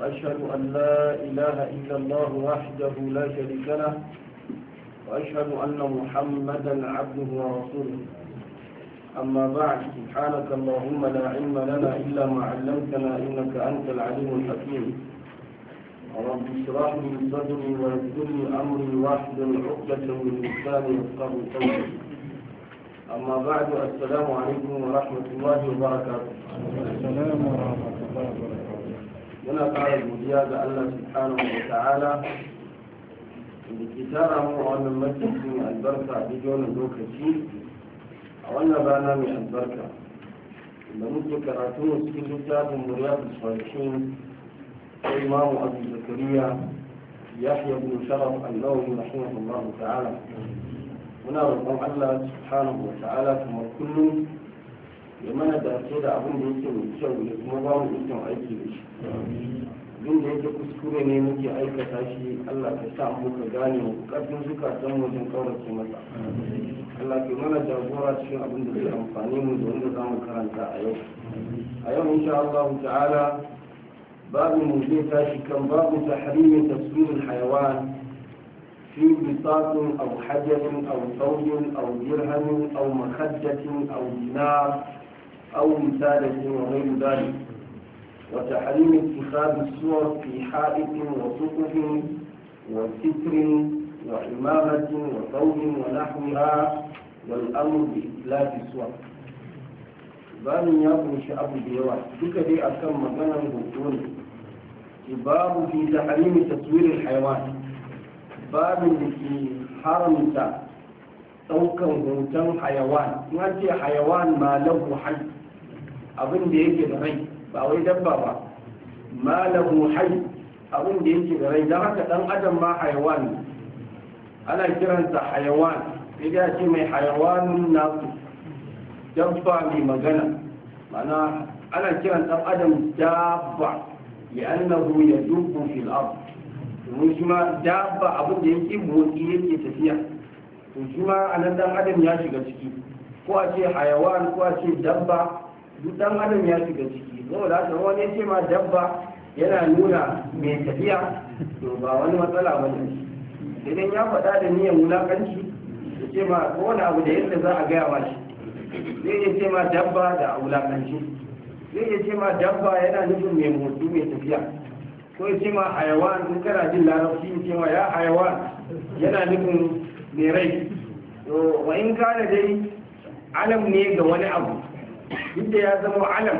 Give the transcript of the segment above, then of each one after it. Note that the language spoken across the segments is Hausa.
وأشهد أن لا إله إلا الله وحده لا شريك له وأشهد أن محمدا عبده ورسوله أما بعد سبحانك اللهم لا علم لنا إلا ما علمتنا إنك أنت العليم الحكيم رب اشرح لي صدري ويسر لي امري واحد عقدة من لساني يفقه قولي اما بعد السلام عليكم ورحمة الله وبركاته السلام ورحمة الله وبركاته muna fara godiya ga Allah subhanahu wa ta'ala da ke tara mu a wannan masjidin albarka a duk lokaci a wannan rana mai albarka da muke karatu mu cikin littafin muryatul salihin sai imamu abu zakariya yahya ibn sharaf an-nawawi rahimahullahu ta'ala muna roƙon Allah subhanahu wa ta'ala kamar kullum ya mana dace da abin da yake mai kyau ya kuma ba mu ikon aiki da shi abin da yake kuskure ne muke aikata shi allah ka sa mu ka gane mu karfin zukatan wajen kaurace masa allah ke mana jagora cikin abin da zai amfani mu da wanda za mu karanta a yau a yau insha allahu ta'ala babu mu zai tashi kan babu tahrimin taswirin hayawan في بساط أو حجر أو ثوب أو درهم أو مخدة أو دينار أو مثاله وغير ذلك وتحريم اتخاذ الصور في حائط وسقف وستر وعمامة وثوب ونحوها والأمر بإتلاف الصور babin ya kunshi abu da yawa duka dai akan maganar hoto ne babu fi ta taswirin haiwan babin da ke haramta ɗaukan hoton hayawan ce hayawan ma lahu hayy abin da yake da rai ba wai dabba ba malahu hayy abin da yake da rai don haka dan adam ma hayawan ana kiransa hayawan sai da ce mai hayawanun nasu dabba mai magana mana ana kiran dan adam dabba ya annahu ya dubu fil ard domin shi ma dabba abin da yake motsi yake tafiya to shi ma anan dan adam ya shiga ciki ko a ce hayawan ko a ce dabba duk dan adam ya shiga ciki saboda haka wani ya ce ma dabba yana nuna mai tafiya to ba wani matsala ba ne idan ya faɗa da niyan wulakanci ya ce ma ko wani abu da yadda za a gaya ma shi zai iya ce ma dabba da wulakanci zai iya ce ma dabba yana nufin mai motsi mai tafiya ko ya ce ma ayawan in kana jin larabci ya ce ma ya ayawan yana nufin mai rai to wa in kana dai alam ne ga wani abu inda ya zama alam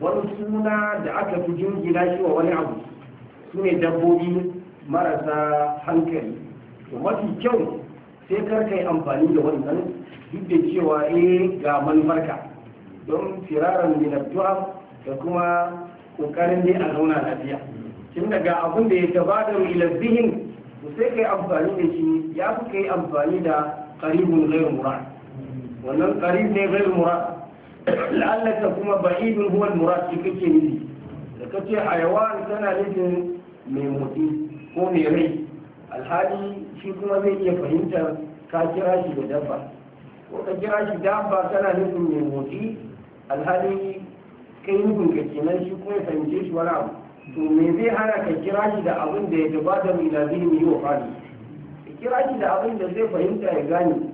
wani suna da aka fi jingina shi wa wani abu su ne dabbobi marasa hankali to mafi kyau sai kar yi amfani da wannan duk da cewa eh ga manufarka don firaran minabtuwa da kuma kokarin dai a zauna lafiya tun daga abin da ya tabada ila zihin to sai kai amfani da shi ya fi kai amfani da karibin zai murad wannan qarib ne ghayr la'allaka kuma ba'idun huwa murashi kake nufi da kace hayawan tana nufin mai mutu ko mai rai alhali shi kuma zai iya fahimtar ka kira shi da dabba ko ka kira shi dabba tana nufin mai mutu alhali kai nufin ka kenan shi kuma ya fahimce shi wani abu to me zai hana ka kira shi da abin da ya gabata mai lazimi yi wa fadi ka kira shi da abin da zai fahimta ya gane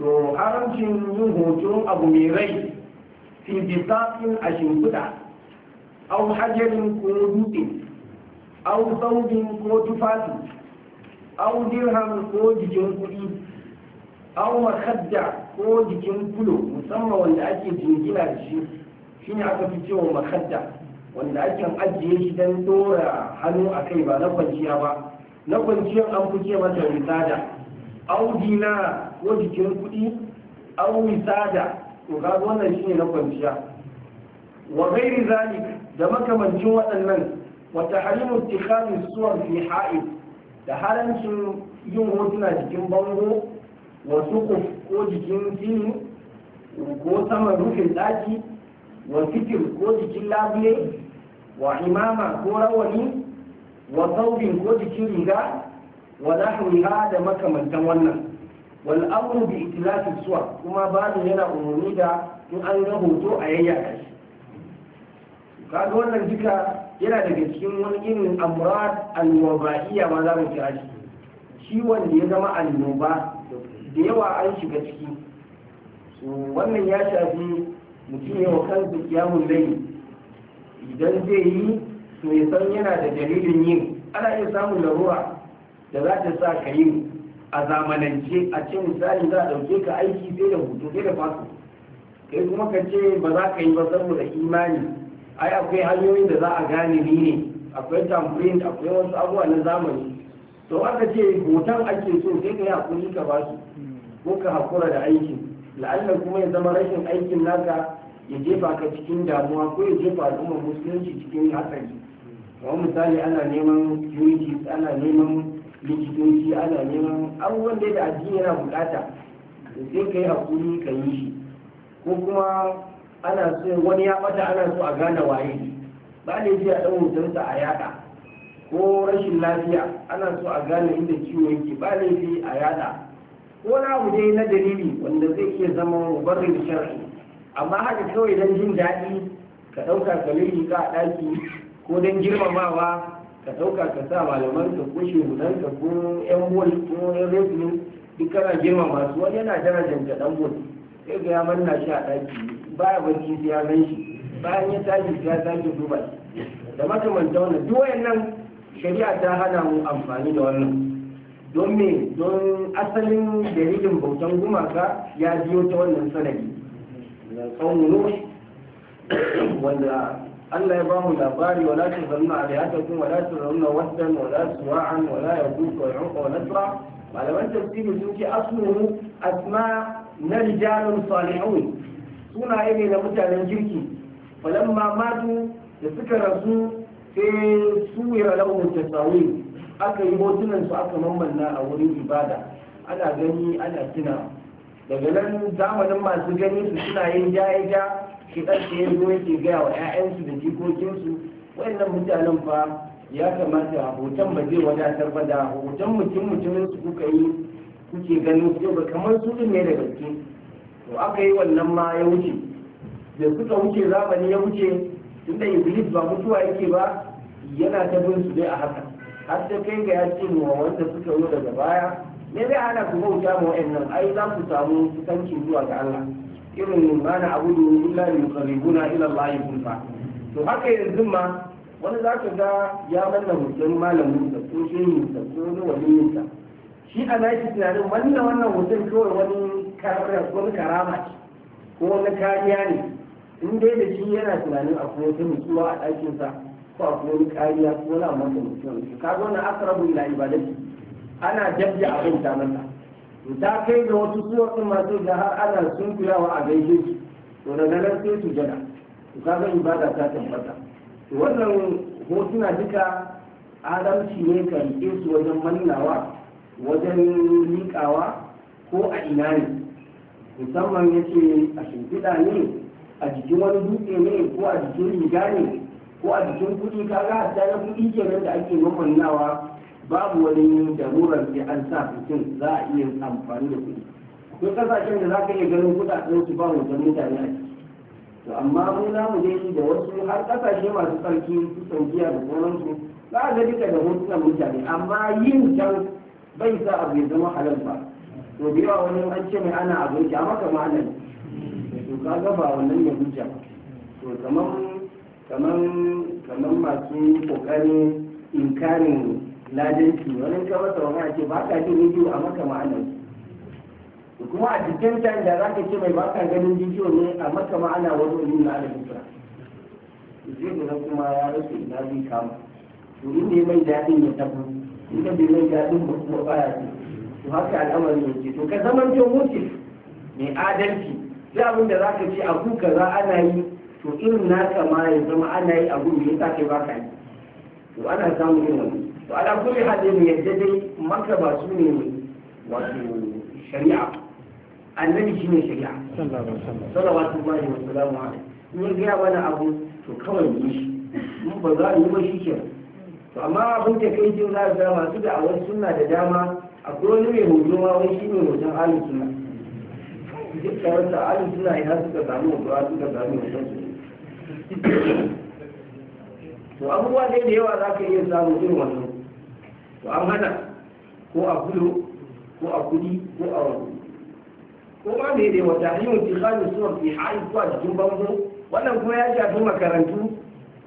to haramcin yin hoton abu mai rai fi bisafin a shimfiɗa au hajarin ko dutse au saubin ko tufafi au dirham ko jikin kuɗi au makadda ko jikin kulo musamman wanda ake jingina da shi shi ne aka fi cewa makadda wanda ake ajiye shi don dora hannu a kai ba na kwanciya ba na kwanciyar an fi ce mata risada au dina ko jikin kuɗi an misada to kaga wannan shine na kwanciya wa ghairi zalik da makamancin waɗannan wa tahrimu ittikhadhi suwar fi ha'id da harancin yin hotuna jikin bango wa suquf ko jikin tini ko saman rufin ɗaki wa fitir ko jikin labule wa imama ko rawani wa saubin ko jikin riga wa nahwiha da makamantan wannan wal amru bi itlaqi suwar kuma babin yana umarni da in an ga hoto a yayyaka shi kaga wannan duka yana daga cikin wani irin amrad alwabaiya ma za mu kira shi ciwon da ya zama annoba da yawa an shiga ciki wannan ya shafi mutum yawa kansa kiyamun layi idan zai yi to ya san yana da dalilin yin ana iya samun larura da za ta sa ka yi a zamanance a ce misali za a ɗauke ka aiki sai da hutu sai da fasu kai kuma ka ce ba za ka yi ba saboda imani ai akwai hanyoyin da za a gane ni ne akwai tamfirin akwai wasu abubuwa na zamani to aka ce hoton ake so sai ka yi hakuri ka ba su ko ka hakura da aikin la'allar kuma ya zama rashin aikin naka ya jefa ka cikin damuwa ko ya jefa al'ummar musulunci cikin hatsari kamar misali ana neman unity ana neman likitoci ana neman abubuwan da yadda addini yana bukata da sai ka yi hakuri ka yi shi ko kuma ana so wani ya bata ana so a gane waye ba ne a ɗan a yada ko rashin lafiya ana so a gane inda ciwo yake ba ne sai a yada ko na abu na dalili wanda zai iya zama mubarrin shar'i amma haka kawai don jin daɗi ka ɗauka ka lulluka a ɗaki ko don girmamawa ka ɗauka ka sa malaman ka ko shehunan ka ko yan bol ko yan wrestling duk kana girma masu wani yana darajar ka dan bol sai ga ya manna shi a ɗaki baya barci sai ya gan shi bayan ya tashi sai ya sake duba shi da makamanta wannan duk wayannan shari'a ta hana mu amfani da wannan don me don asalin dalilin bautan gumaka ya biyo ta wannan sanadi na tsawon wanda Allah ya bamu labari wala tuzanna alihatakum wala tuzanna waddan wala suwa'an wala yaquq wa yuqa wa nasra malaman tafsiri sun ce asluhu asma na rijalun salihun sunaye ne na mutanen kirki falamma matu da suka rasu sai suwira lahum tasawir aka yi hotunan su aka mammanna a wurin ibada ana gani ana tuna daga nan zamanin masu gani su suna yin ja ja shi da ya zo yake gaya wa 'ya'yansu da jikokinsu wayannan mutanen fa ya kamata hoton ba zai wadatar ba da hoton mutum mutumin su kuka yi kuke ganin su ba kamar su ne da gaske to aka yi wannan ma ya wuce da suka wuce zamani ya wuce tunda iblis ba mutuwa yake ba yana ta bin su dai a haka har da kai ga ya ce wa wanda suka zo daga baya ne zai hana ku bauta ma wa'annan ai za ku samu kusanci zuwa ga Allah irin ma na abudu illa li yuqarribuna ila allahi kulfa to haka yanzu ma wani za ka ga ya manna hoton malamin sa ko shehin sa ko wani waliyin sa shi a nashi tunanin wannan wannan hoton kawai wani karama ce ko wani kariya ne in dai da shi yana tunanin kuma wata mutuwa a ɗakin sa ko kuma wani kariya ko wani amma da mutuwa ka ga wannan ba ila ibadati ana jabja abin ta masa ta kai da wasu suwarsun masu da har ana sun kuyawa a gaishe su to daga nan sai su jana su kaga ibada ta tabbata to wannan hotuna duka adalci ne ka riƙe su wajen mannawa wajen liƙawa ko a ina ne musamman ya ce a shimfiɗa ne a jikin wani dutse ne ko a jikin riga ne ko a jikin kuɗi kaga a tsaye kuɗi kenan da ake mamannawa babu wani jarurar da an sa fitin za a iya amfani da kuɗi ko kasashen da za ka iya ganin kuɗaɗen su ba hoton mutane a ciki to amma mu za mu dai da wasu har kasashe masu tsarki su saudiya da sauransu za a ga duka da hotunan mutane amma yin can bai sa abu ya zama halal ba to da yawa wani an ce mai ana abinci a maka malam to ka ga ba wannan ya hujja to kaman kaman kaman masu kokarin inkarin ladanci wani ka masa magana ce ba ka ce rediyo a maka ma'anar kuma a cikin da za ka ce mai ba ka ganin rediyo ne a maka ma'ana wani wani na su zai gina kuma ya rasu ina zai kama to inda ya mai daɗin ya tabu inda bai mai daɗin ba kuma baya ce to haka al'amarin yake to ka zama to mutum mai adalci sai abin da za ka ce a kuka za ana yi to irin naka ma ya zama ana yi a gudu ya sa kai ba ka yi to ana samun wani to ala kulli halin yadda dai maka ba su ne wato shari'a annabi shine shari'a sallallahu alaihi wa sallam in ya ga mana abu to kawai mu shi mun ba za mu ba shi ke to amma abin da kai jin za ga masu da awar sunna da dama akwai wani mai hoto ma wani shine hoton ahlus sunna duk da wata ahlus sunna ya suka samu hoto suka samu hoton to abubuwa dai da yawa za ka iya samu irin wannan to an hana ko a bulo ko a kudi ko a wani ko ma me dai wata hanyar tikhani suwar fi ha'i ko a jikin bango wannan kuma ya shafi makarantu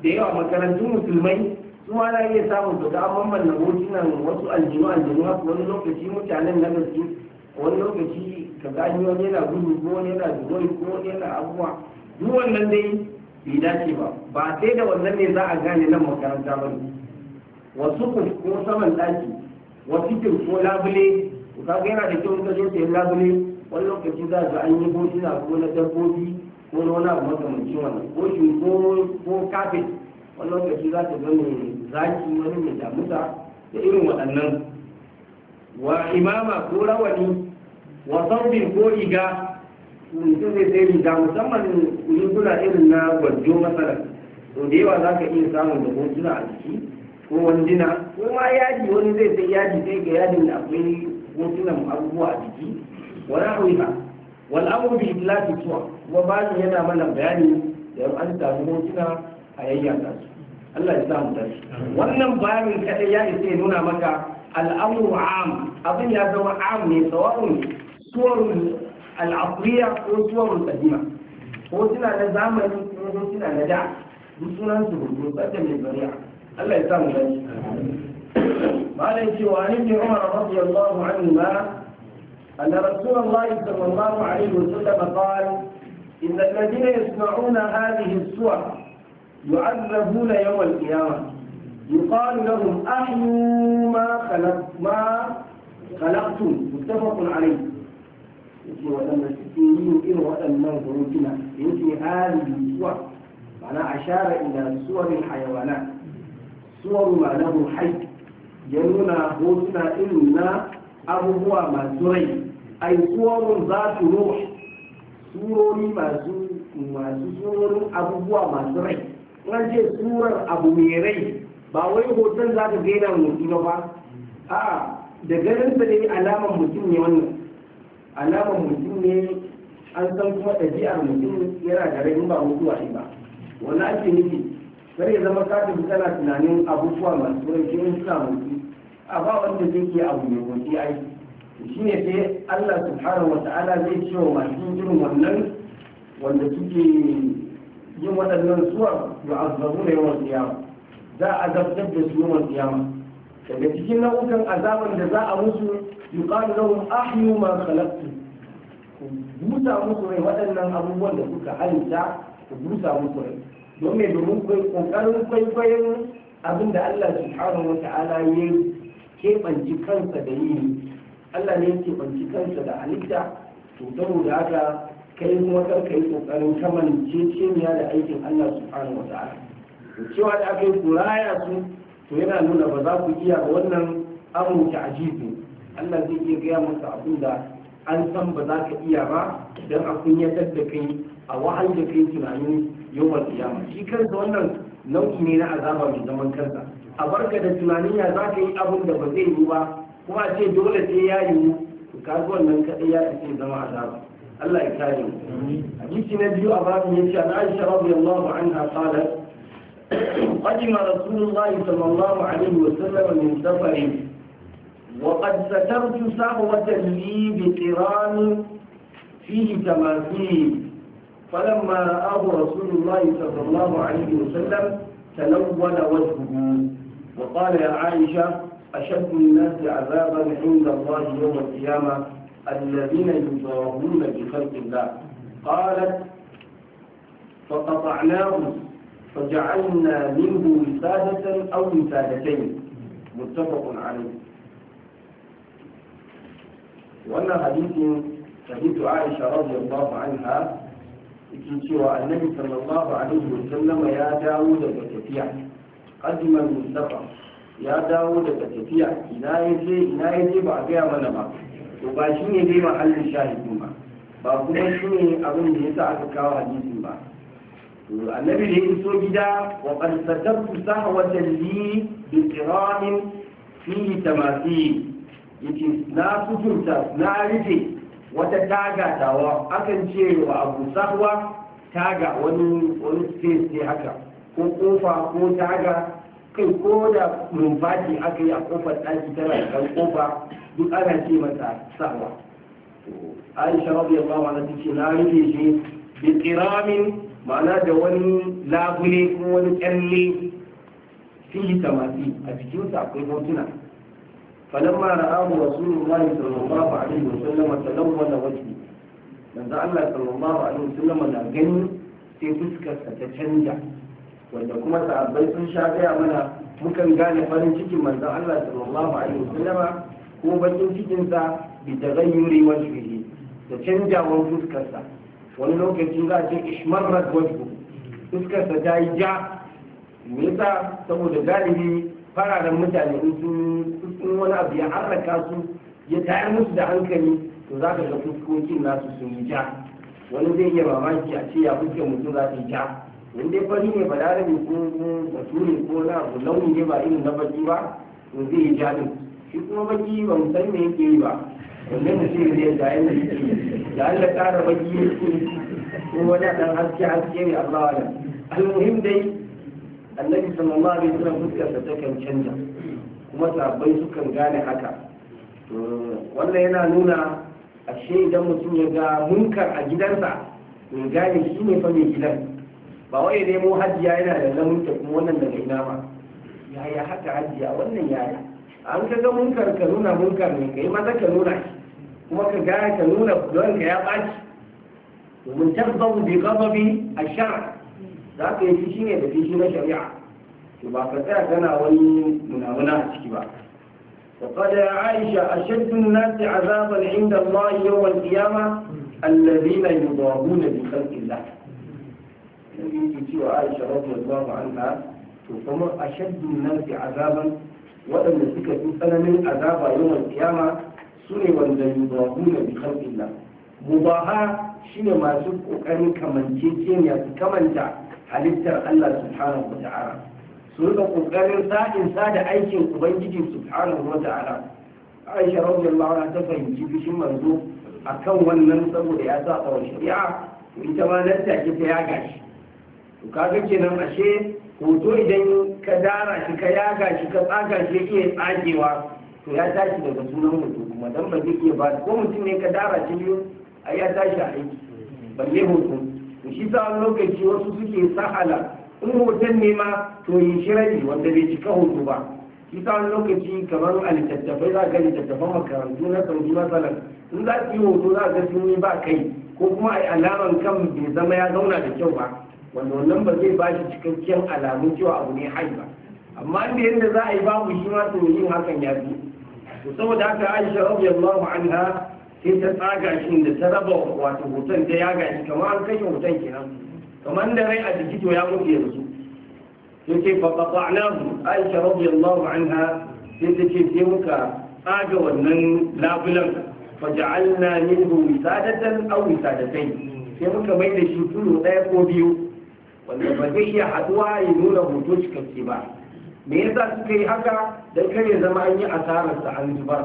da yawa makarantun musulmai su ma na iya samun su ga mamman na hotunan wasu aljihu aljihu haka wani lokaci mutanen na gaske wani lokaci ka gani wani yana gudu ko wani yana zuwai ko wani yana abubuwa duk wannan dai bai dace ba ba sai da wannan ne za a gane nan makaranta ba ne wasu kun ko saman daki wasu kun ko labule ka ga yana da kyau ka je sayan labule wani lokaci za ka an yi hotuna ko na dabbobi ko na wani abu makamancin wani ko shi ko kafin wani lokaci za ta zama zaki wani mai damuta da irin waɗannan wa imama ko rawani wa saubin ko riga mutum zai sai riga musamman kula irin na gwajo masana sau da yawa za ka iya samun da hotuna a jiki ko wanduna kuma ma yadi wani zai sai yadi sai ga yadin da akwai hotunan abubuwa a jiki wani hauka wal amru bi idlati tuwa kuma bayan yana mana bayani da an samu hotuna a yayyanka Allah ya samu tashi wannan bayanin kada ya isa nuna maka al'amru am abin ya zama am ne sawa'un suwarun al'afriya ko suwarun kadima hotuna na zamani ko hotuna na da duk sunan su rubutu tsakan ne bari'a الله يتعلم ذلك ابن عمر رضي الله عنهما أن رسول الله صلى الله عليه وسلم قال إن الذين يسمعون هذه السور يعذبون يوم القيامة يقال لهم أحيوا ما خلق ما خلقتم متفق عليه يجي ولم يستطيعوا ولم ينظروا بنا هذه السور معناها أشار إلى سور الحيوانات suwar ma na ruhai ya nuna hotuna irin na abubuwa masu rai ai suwarun za su ruh surori masu masu surorin abubuwa masu rai an ce surar abu mai rai ba wai hoton za ka gaina mutu ba a da ganin sa ne alamar mutum ne wannan alamar mutum ne an san kuma ɗabi'ar mutum yana da rai ba mutuwa ne ba wani ake nufi sai ya zama katin tana tunanin abubuwa masu wurin in suna mutu a ba wanda zai iya abu mai motsi ai shi ne sai Allah subhanahu wa ta'ala zai ce wa masu irin wannan wanda suke yin waɗannan suwa azabu na yawan siyama za a azabtar da su yawan siyama daga cikin nau'ukan azaban da za a musu yuqalu lahum ahyu ma khalaqtu busa musu rai waɗannan abubuwan da kuka halitta ku busa musu rai domin domin domin kokarin kwaikwayon abin da Allah subhanahu wa ta'ala ya keɓanci kansa da yi Allah ne ya keɓanci kansa da halitta to saboda haka kai kuma kar ka yi kokarin kamanceceniya da aikin Allah subhanahu wata'ala to cewa da aka yi kuraya su to yana nuna ba za ku iya ba wannan ta ajibi Allah zai iya gaya masa abin an san ba za ka iya ba don a kunyatar da kai a wahal da kai tunani yawmal qiyama shi kansa wannan nau'i ne na azaba mai zaman kansa a barka da tunanin ya za ka yi abin da ba zai yi ba kuma a ce dole sai ya yi kaga nan kadai ya ce zama azaba Allah ya kare mu hadisi na biyu a babu yace an Aisha radiyallahu anha qalat قدم رسول الله صلى الله عليه وسلم من سفر وقد سترت سهوة لي بقران فيه تماثيل فلما رآه رسول الله صلى الله عليه وسلم تلون وجهه وقال يا عائشة أشد الناس عذابا عند الله يوم القيامة الذين يضربون بخلق الله قالت فقطعناه فجعلنا منه وسادة أو وسادتين متفق عليه وأن حديث حديث عائشة رضي الله عنها yake cewa annabi sallallahu alaihi wa sallama ya dawo daga tafiya qadiman mustafa ya dawo daga tafiya ina yaje ina yaje ba a gaya mana ba to ba shine ne dai mahallin shahidin ba ba kuma shine abin da yasa aka kawo hadisin ba to annabi da ya iso gida wa qad satabtu sahwatan li bi qiranin fi tamasi yake na sutunta na rufe wata taga tawa akan ce wa abu sahwa taga wani wani space ne haka ko kofa ko taga kai ko da rumfaci aka yi a kofar ɗaki tana da ɗan kofa duk ana ce mata sahwa aisha rabu yamma wa ta ce na rike shi bi kiramin ma'ana da wani labule ko wani kyalle fi tamasi a cikinsa akwai hotuna فلما رآه رسول الله صلى الله عليه وسلم تلون وجهه من الله صلى الله عليه وسلم لا جن في فسكة تتشنجع wanda kuma sahabbai sun sha gaya mana mukan gane farin cikin manzon Allah sallallahu alaihi wasallama ko bakin cikinsa bi tagayyuri wajhihi da canjawar fuskarsa wani lokacin za a ce ishmarrat ta yi ja me saboda galibi fararen mutane in sun wani abu ya harraka su ya tayar musu da hankali to za ka ga fuskokin nasu sun yi ja wani zai iya mamaki a ce ya fuskar mutum za su yi ja in dai fari ne ba ne ko batu ne ko na abu launi ne ba irin na baki ba to zai yi ja din shi kuma baki ba mu san me yake yi ba wanda mutum zai ja da yake da Allah kara baki ko wani dan haske haske ne Allah alam al-muhim dai annabi sallallahu alaihi wasallam fuskar da takan canja kuma sabbai sukan gane haka wannan yana nuna ashe idan mutum ya ga munkar a gidansa ya gane shi ne fa mai gidan ba wai nemo hajiya yana da lamunta kuma wannan daga ina ma yaya haka hajiya wannan yaya an ka ga munkar ka nuna munkar ne kai maza ka nuna shi kuma ka gane ka nuna don ka ya baci domin tabbabu bi gababi a shara za ka yi fishi ne da fishi na shari'a to ba ka tsaya kana wani munamuna a ciki ba وقال عائشة أشد الناس عذابا عند الله يوم القيامة الذين يضاهون بخلق الله النبي يجي عائشة رضي الله عنها تقوم أشد الناس عذابا وأن سكة سنة عذاب يوم القيامة سنة وأن يضاهون بخلق الله مضاهاة شنو ما سبق أن كمن تيجين يا كمن تعب halittar Allah subhanahu wa ta'ala su rika kokarin sa'in sa da aikin ubangiji subhanahu wa ta'ala Aisha radiyallahu anha ta fahimci fishin manzo akan wannan saboda ya saba wa shari'a ita ma nan take ta ya gashi to kaga kenan ashe hoto idan ka dara shi ka ya shi ka tsaga shi iya tsagewa to ya tashi daga sunan hoto kuma dan ba zai iya ba ko mutum ne ka dara shi biyu ai ya tashi a aiki balle hoto to shi sa lokaci wasu suke sahala in hoton ne ma to yi shirari wanda bai cika hoto ba shi sa lokaci kamar a littattafai za ga littattafan makarantu na saudi matsalar in za su yi hoto za ga sun yi ba kai ko kuma a yi alamar kan bai zama ya zauna da kyau ba wanda wannan ba zai ba shi cikakken alamun cewa abu ne hai ba amma inda yadda za a yi babu shi ma to yin hakan ya fi saboda haka aisha rabiyallahu anha sai ta tsaga shi da ta raba wato hoton ta yaga shi kamar an kashe hoton kenan kamar da rai a jiki to ya mutu yanzu sai ce fa qata'nahu aisha radiyallahu anha sai ta ce sai muka tsaga wannan labulan fa ja'alna minhu wisadatan aw wisadatayn sai muka mai da shi tulo daya ko biyu wanda ba zai iya haduwa ya nuna hoto cikakke ba me yasa suka yi haka dan kare zama an yi asararsa an zubar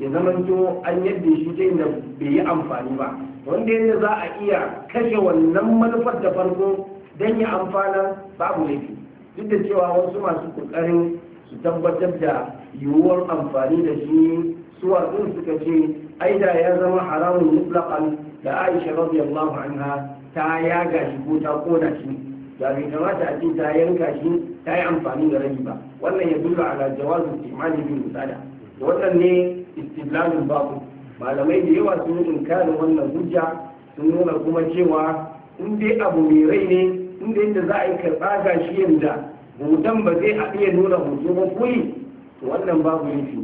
ya zamanto an yadda shi ta inda bai yi amfani ba wanda yadda za a iya kashe wannan manufar da farko don ya amfana babu laifi duk da cewa wasu masu kokarin su tabbatar da yiwuwar amfani da shi su din suka ce aida ya zama haramun mutlaqan da aisha radiyallahu anha ta yaga shi ko ta kona shi da bai kamata a ce ta yanka shi ta yi amfani da rabi ba wannan ya dula ala jawazin timani bin musada wannan ne istidlalun babu malamai da yawa sun yi inkarin wannan hujja sun nuna kuma cewa in dai abu mai rai ne in dai yadda za a yi karɓa ga shi yadda hoton ba zai a iya nuna hoto ba koyi to wannan babu laifi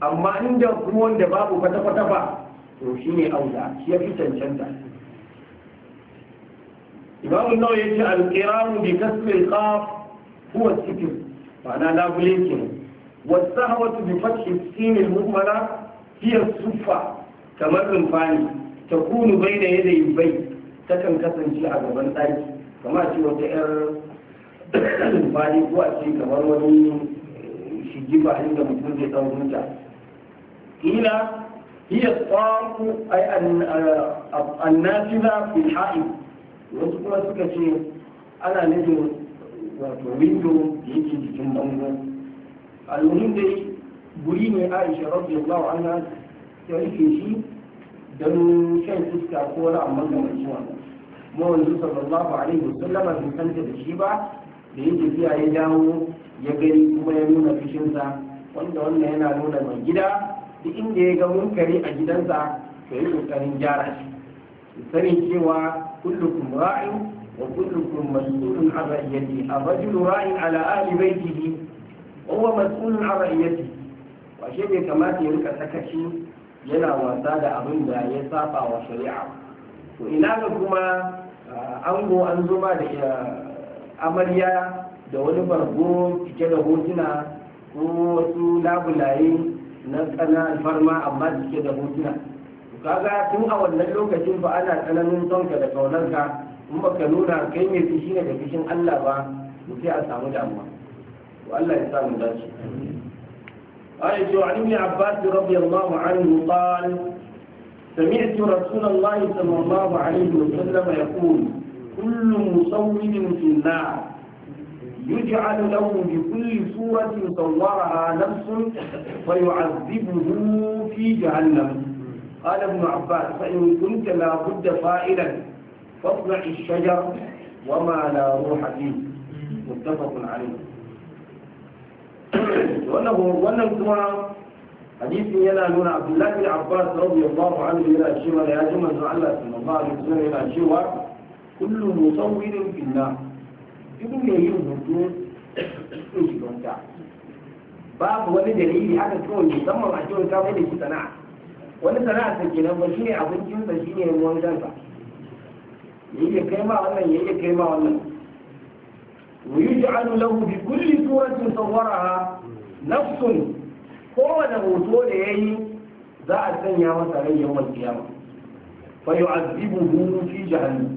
amma inda kuma wanda babu kwata-kwata ba to shi ne auza shi ya fi cancanta imamu nawa ya ce alƙiramu bi kasri qaf huwa sitr ma'ana labule kenan والسهوة بفتح السين المهملة هي الصفة كما فاني تكون بين يدي البيت تكن كسن شيء على بنتاي كما شيء وتأر فاني هو شيء كما وني شجيب عند مثل ذي تنزل قيل هي الطاق أي أن النافذة في الحائط وانتم سكتي أنا نجم وتوينجو يجي جنبه almuhim dai guri mai aisha rabbi allah anha ta rike shi don shan iska ko wani amma ga mai ciwon mawanzu sallallahu alaihi wasallam bai santa da shi ba da ya tafiya ya dawo ya gani kuma ya nuna fishinsa wanda wannan yana nuna mai gida duk inda ya ga munkari a gidansa to yi kokarin gyara shi sani cewa kullukum ra'in wa kullukum mas'ulun an ra'iyati ar-rajulu ra'in ala ahli baytihi huwa mas'ulun an ra'iyati washe bai kamata ya rika sakaci yana wasa da abin da ya saba wa shari'a to ina ga kuma ah, ango an zo da ah, amarya da wani bargo cike da hotuna ko wasu labulaye na tsana alfarma amma cike da hotuna kaga tun a wannan lokacin ba ana tsananin tonka da kaunarka in baka nuna kai mai fishi ne da fishin Allah ba sai a samu damuwa والله يسامح الله قال عن ابن عباس رضي الله عنه قال سمعت رسول الله صلى الله عليه وسلم يقول كل مصور في النار يجعل له بكل صورة صورها نفس فيعذبه في جهنم قال ابن عباس فإن كنت لا بد فائلا فاصنع الشجر وما لا روح فيه متفق عليه wannan kuma hadisin yana nuna abdullahi abbas radiyallahu hannu yana cewa da ji manzon Allah mamma a wasallam yana cewa kullu musawwirin finna duk mai yin hutu sun shi gonta babu wani dalili haka kawai musamman a cewa ta mai da shi sana'a wani sana'a ta kenan ba ne abincinsa shine wankan ya iya kai ma wannan iya kai ma wannan ويجعل له بكل صورة صورها نفس قوانا وصول ايه يعني ذا الثانية وثاني يوم القيامة فيعذبه في جهنم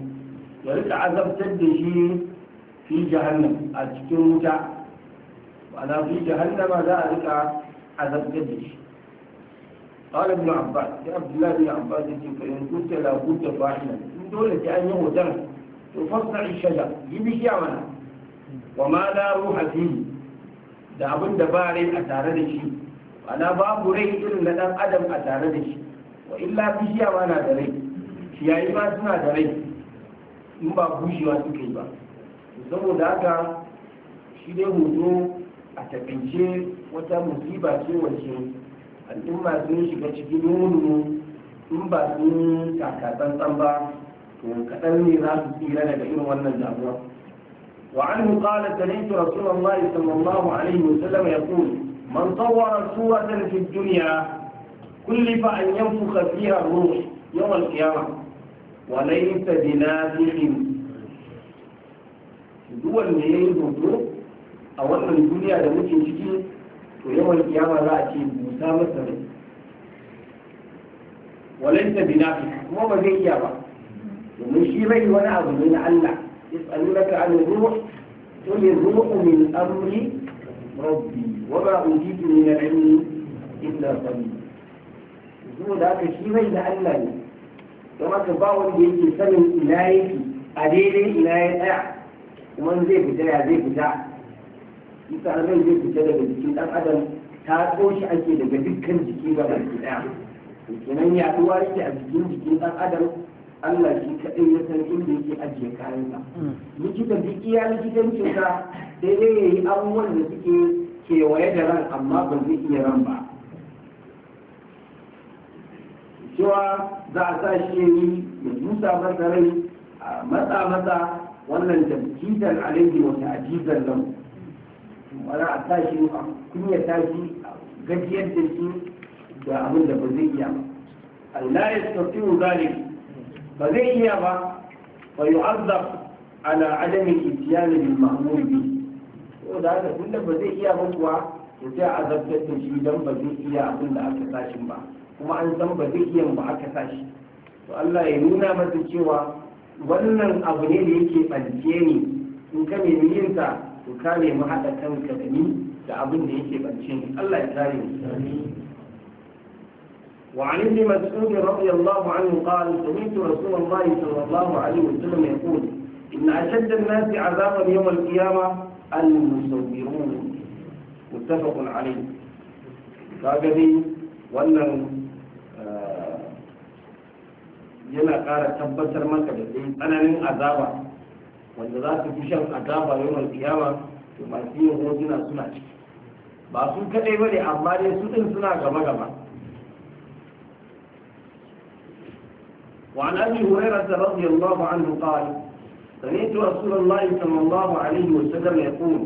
يريد عذب تدهي في جهنم أتكرمك وأنا في جهنم ذلك عذب تدهي قال ابن عباس يا عبد الله بن عباس فإن كنت لا كنت فاحنا من دولة أن يوم تفصع الشجر يبي شيء wa la ruha fihi da abin da ba rai a tare da shi ana babu rai irin na dan adam a tare da shi wa illa bishiya ma na da rai ciyayi ma suna da rai in ba bushewa suka yi ba saboda haka shi dai hoto a takaice wata musiba ce wace al'umma sun shiga cikin nono in ba sun kaka tsantsan ba to kaɗan ne za su tsira daga irin wannan damuwa وعنه قال سمعت رسول الله صلى الله عليه وسلم يقول من صور صورة في الدنيا كلف أن ينفخ فيها الروح يوم القيامة وليس بنافخ دول ميلي دوتو أو أن الدنيا لم تنشكي ويوم القيامة لا أشيء مسامة سمين وليس بنافخ هو ما زي يابا ومشي بي ونعب من علّة يسألونك عن الروح تلزم من أمر ربي وما أجيب من العلم إلا قليل zuwa da aka shi mai da Allah ne don haka ba wanda yake sanin ina yake a daidai ina ya tsaya kuma zai fita ya zai fita isa ran zai fita daga jikin dan adam ta shi ake daga dukkan jiki ga baki daya kenan yaduwa yake a jikin jikin dan adam Allah shi kaɗai ya san inda yake ajiye kayansa likita duk iya likitancin sa daidai ya yi abubuwan da suke kewaye da ran amma ba zai iya ran ba cewa za a sa shi ya yi ya dusa masa rai a matsa masa wannan tabkitar alaihi wa ta'jizar nan. Wani a sa shi a kunya tashi gajiyar da shi da abin da ba zai iya ba Allah ya tafi zalimi ba zai iya ba wa yu'azzab ala adami itiyani bil ma'mur bi da haka tunda ba zai iya ba kuwa to sai azabtar da shi dan ba zai iya abin da aka sashi ba kuma an san ba zai iya ba aka sashi to Allah ya nuna masa cewa wannan abu ne da yake ɓance ni in ka nemi yin sa to ka nemi haɗa kanka da ni da abin da yake ɓance ni Allah ya kare ni وعن ابن مسعود رضي الله عنه قال سمعت رسول الله صلى الله عليه وسلم يقول إن أشد الناس عذابا يوم القيامة المصورون متفق عليه كاغدي wannan yana ƙara tabbatar maka da tsananin azaba wanda za su fi shan azaba yawan kiyama to masu yin hotuna suna ciki ba su kaɗai ba ne amma dai su ɗin suna gaba gaba وعن أبي هريرة رضي الله عنه قال سمعت رسول الله صلى الله عليه وسلم يقول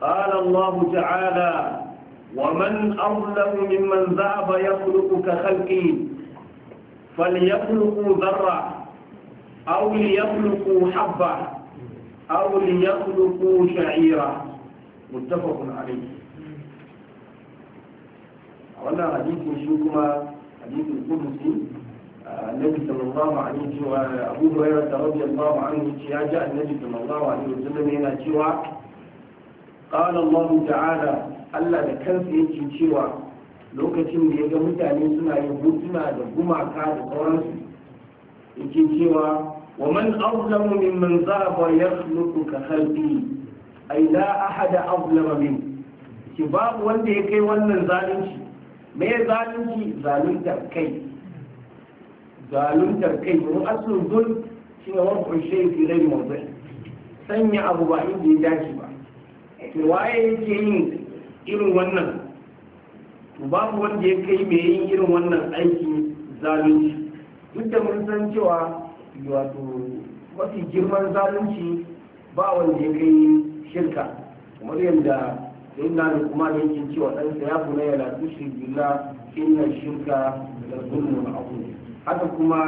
قال الله تعالى ومن أظلم ممن ذهب يخلق كخلقي فليخلقوا ذرة أو ليخلقوا حبة أو ليخلقوا شعيرة متفق عليه وأنا حديث شوكما حديث القدسي النبي صلى الله عليه وسلم أبو هريرة رضي الله عنه جاء النبي صلى الله عليه وسلم هنا جوا قال الله تعالى ألا لكنس يجي جوا lokacin da ya ga mutane suna yin hutuna da gumaka da sauransu yake cewa wa man azlamu mimman zaba yakhluqu ka khalqi ay la ahada azlama min ki babu wanda ya kai wannan zalunci me zalunci zalunta kai zaluntar kai mun asalin zulm shi ne wani kunshe fi rai mawzai sanya abu ba inda ya dace ba to waye yake yin irin wannan to babu wanda ya kai mai yin irin wannan aiki zalunci duk da mun san cewa wato mafi girman zalunci ba wanda ya kai shirka kamar yadda inna da kuma da yake cewa ɗansa ya kula ya latu shirgila inna shirka da zulmun abu ne. haka kuma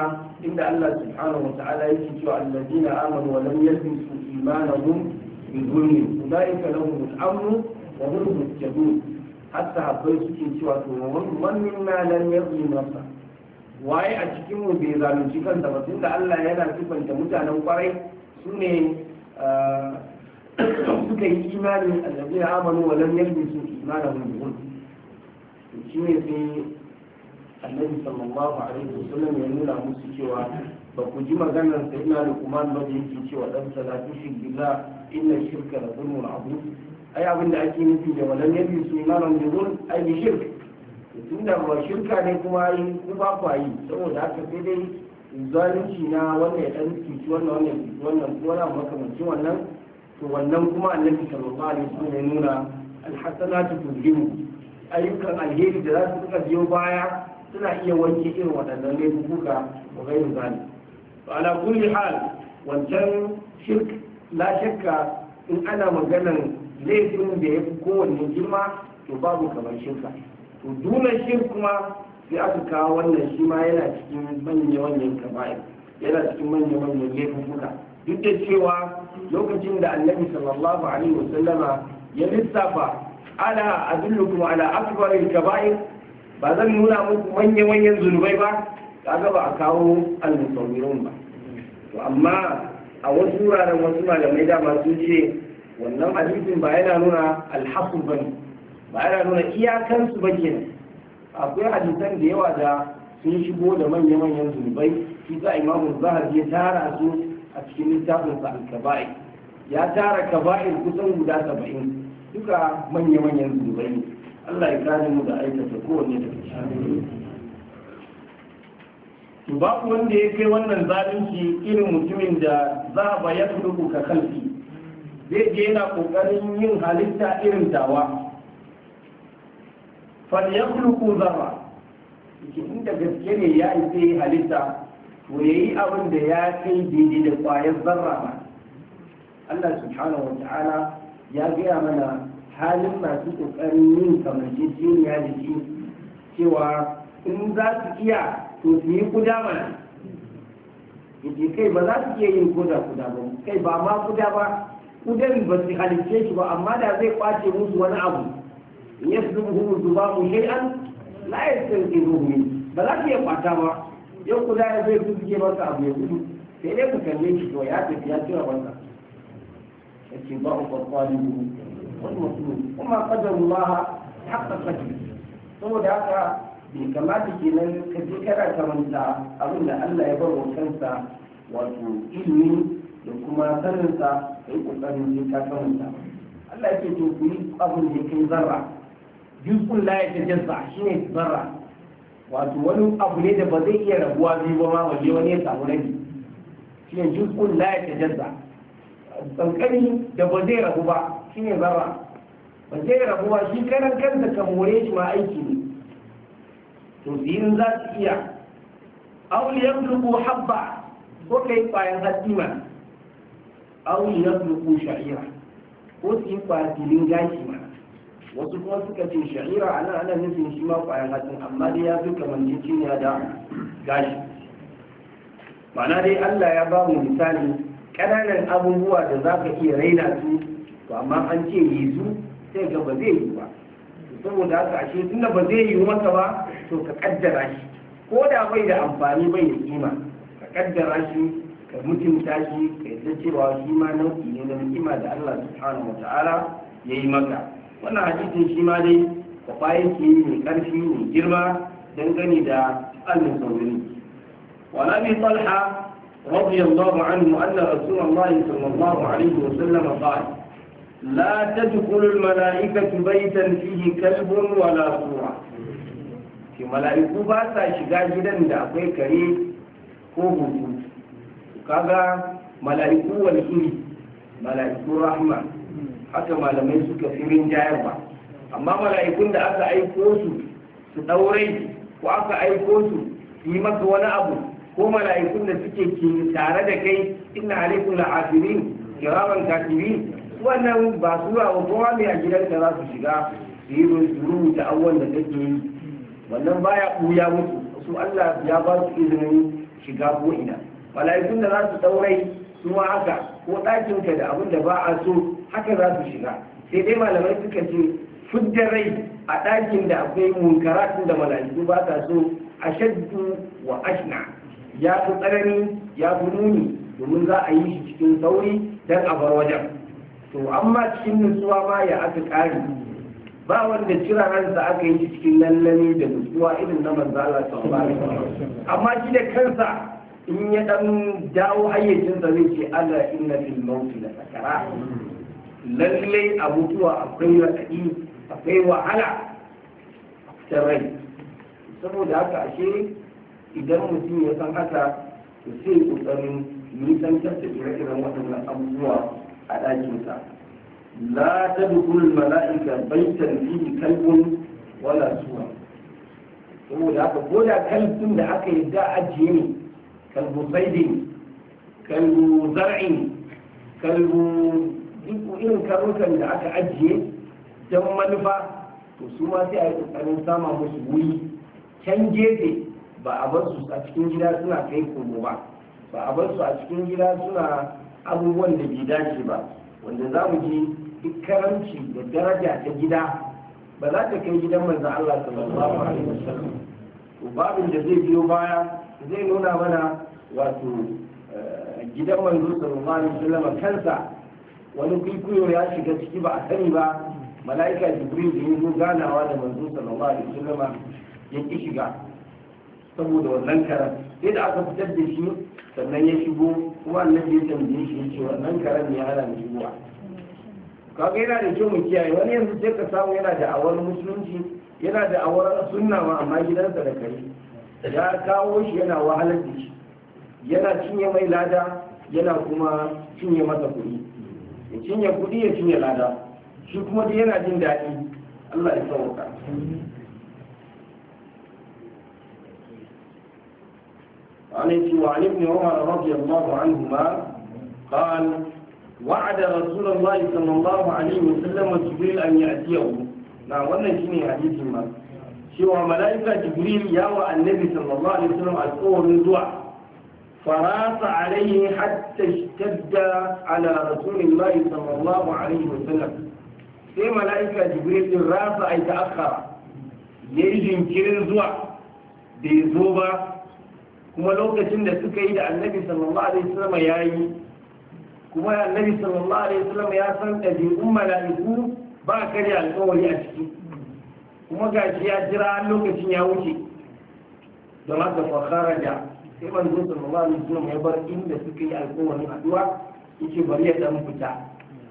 inda Allah subhanahu wa ta'ala yake cewa alladina amanu wa lam yalbisu imanahum bi dhulmin ulaika lahum al-amn wa hum muhtadun hatta habbai suke cewa to man minna lam yadhlim nafsa waye a cikin mu bai zalunci kansa ba tunda Allah yana sifanta mutanen kwarai ne ah, suka yi imani alladina amanu wa lam yalbisu imanahum bi shi ne sai annabi sallallahu alaihi wasallam ya nuna musu cewa ba ku ji maganar sa ina da kuma ba da yake cewa dan salatu shi bila inna shirka da zulmun abu ai abin da ake nufi da wannan yabi su imanan da zulm ai bi shirk tunda ba shirka ne kuma ai ku ba ku yi saboda haka sai dai zalunci na wannan ya dan cuci wannan wannan cuci wannan ko na makamancin wannan to wannan kuma annabi sallallahu alaihi wasallam ya nuna alhasanatu tuzhimu ayyukan alheri da za su suka biyo baya suna iya wanke irin waɗannan laifuka wa gairu zani to ala kulli hal wancan shirk la shakka in ana maganan laifin da ya fi kowanne girma to babu kamar shirka to dunan shirk kuma sai aka kawo wannan shi ma yana cikin manya-manyan kaba'ir yana cikin manya-manyan laifuka duk da cewa lokacin da annabi sallallahu alaihi wasallama ya lissafa ala adullukum ala akbaril kaba'ir ba zan nuna muku manya-manyan zunubai ba kaga ba a kawo al-musawwirun ba to amma a wasu wuraren wasu malamai dama sun ce wannan hadisin ba yana nuna alhaku ba ba yana nuna iyakansu ba ke akwai hadisan da yawa da sun shigo da manya-manyan zunubai shi za imamu zahar ya tara su a cikin littafin sa alkaba'i ya tara kaba'ir kusan guda saba'in duka manya-manyan zunubai ne Allah ya gane mu da aikata kowanne da to babu wanda ya kai wannan zalunci irin mutumin da za ba ya ka kansu zai je yana kokarin yin halitta irin tawa fal yakhluqu zama, cikin da gaske ne ya yi halitta to yi abin da ya kai daidai da kwayar zarra ma Allah subhanahu wa ta'ala ya gaya mana halin masu ƙoƙarin yin kamarjejeniya da ji cewa in za su iya to su yi kuda mana yake kai ba za su iya yin koda kuda ba kai ba ma kuda ba kudan ba su halicce shi ba amma da zai kwace musu wani abu in ya su zubu zuba mu shay'an an ya san ke zubu ba za su iya kwata ba yau kuda ya zai suke masa abu ya gudu sai dai ku kalle shi to ya tafi ya tura masa ake ba ku kwakwani wani mutum kuma qadarullah haqqa qadri saboda haka bai kamata kenan ka je kana karanta abin da Allah ya bar wa kansa wato ilimi da kuma yi je ka karanta Allah to ku yi abin da kai zarra la zarra wato wani abu ne da ba zai iya rabuwa biyu ba ma waje wani ya samu rabi la da ba zai rabu ba shi ne zama ba zai rabuwa shi kanan kanta kan more shi ma aiki ne to biyun za su iya auli ya ko habba ko kai kwayan hattima auli ya ko sha'ira ko su yi filin gashi ma wasu kuma suka ce sha'ira a nan ana nufin shi ma kwayan hattin amma dai ya fi kamar ya da gashi ma'ana dai allah ya ba mu misali ƙananan abubuwa da za ka iya raina su to amma an ce yi zu sai ga ba zai yi ba saboda haka ashe tunda ba zai yi maka ba to ka kaddara shi ko da bai da amfani bai da kima ka kaddara shi ka mutunta shi ka yadda cewa shi ma nau'i ne na ni'ima da Allah subhanahu wa ta'ala ya yi maka wannan hadisin shi ma dai ka bayan ke yi mai karfi mai girma dangane da alin sauri wala bi talha radiyallahu anhu anna rasulullahi sallallahu alaihi wa sallam qala لا تدخل الملائكة بيتا فيه كلب ولا صورة ke mala'iku ba sa shiga gidan da akwai kare ko hutu kaga mala'iku wani iri mala'iku rahma haka malamai suka fi rinjayar ba amma mala'ikun da aka aiko su su ɗaurai ko aka aiko su yi maka wani abu ko mala'ikun da suke tare da kai inna alaikum la'afirin kiraman kafirin wannan ba su ba kowa mai a gidan da za su shiga su yi rubuta awon da take yi wannan baya ɓuya musu su Allah ya ba su izinin shiga ko ina mala'ikun da za su daurai su ma haka ko ka da abin da ba a so haka za su shiga sai dai malamai suka ce fudda rai a ɗakin da akwai munkaratun da mala'iku ba ta so a shaddu wa ashna ya fi tsanani ya fi nuni domin za a yi shi cikin sauri don a bar wajen to amma cikin nutsuwa ba ya aka ƙari ba wanda cira ransa aka yi cikin lallami da nutsuwa irin na manzo Allah sallallahu amma shi da kansa in ya dan dawo da zai ce ala inna fil mawti la sakara lallai a mutuwa akwai raɗaɗi akwai wahala ta rai saboda haka ashe idan mutum ya san haka to sai ƙoƙarin nisantar da ire-iren waɗannan abubuwa a ɗakinsa la ta dukul mala'ika baitan fi kalbun wala suwa saboda haka ko da kalbun da aka yi da ajiye ne kalbu saidin kalbu zar'in kalbu duk irin karnukan da aka ajiye don manufa to su ma sai a yi sama musu wuri can gefe ba a bar su a cikin gida suna kai komo ba ba a bar su a cikin gida suna abubuwan da bai dace ba wanda za mu ji duk karanci da daraja ta gida ba za ta kai gidan manzo Allah sallallahu alaihi wasallam to babin da zai biyo baya zai nuna mana wato eh, gidan manzo sallallahu alaihi wasallam kansa wani kwikwiyo ya shiga ciki ba a sani ba mala'ika jibril da ya zo ganawa da manzo sallallahu alaihi wasallam ya ki shiga saboda wannan karan sai da aka fitar da shi sannan ya shigo kuma da ya tambaye shi ya ce wannan karan ne hana ni shigowa kaga yana da kyau mu kiyaye wani yanzu sai ka samu yana da awar musulunci yana da awar sunna ma amma gidansa da kai, ya kawo shi yana wahalar da shi yana cinye mai lada yana kuma cinye masa kuɗi ya cinye kuɗi ya cinye lada shi kuma da yana jin daɗi Allah ya sauka عليه وعن ابن عمر رضي الله عنهما قال وعد رسول الله صلى الله عليه وسلم جبريل أن يأتيه نعم وانا شيني حديث ما شوى ملائكة جبريل يا النبي صلى الله عليه وسلم الصور الدعاء فراس عليه حتى اشتد على رسول الله صلى الله عليه وسلم sai mala'ika jibril din rasa ai ta'akhara yayi jinkirin zuwa bai zo ba kuma lokacin da suka yi da annabi sallallahu alaihi wasallam ya yi kuma annabi sallallahu alaihi wasallam ya san ɗabi'un mala'iku ba karya alƙawari a ciki kuma shi ya jira lokacin ya wuce don haka fakara da sai manzo sallallahu alaihi wasallam ya bar inda suka yi alƙawarin haduwa yace bari ya dan fita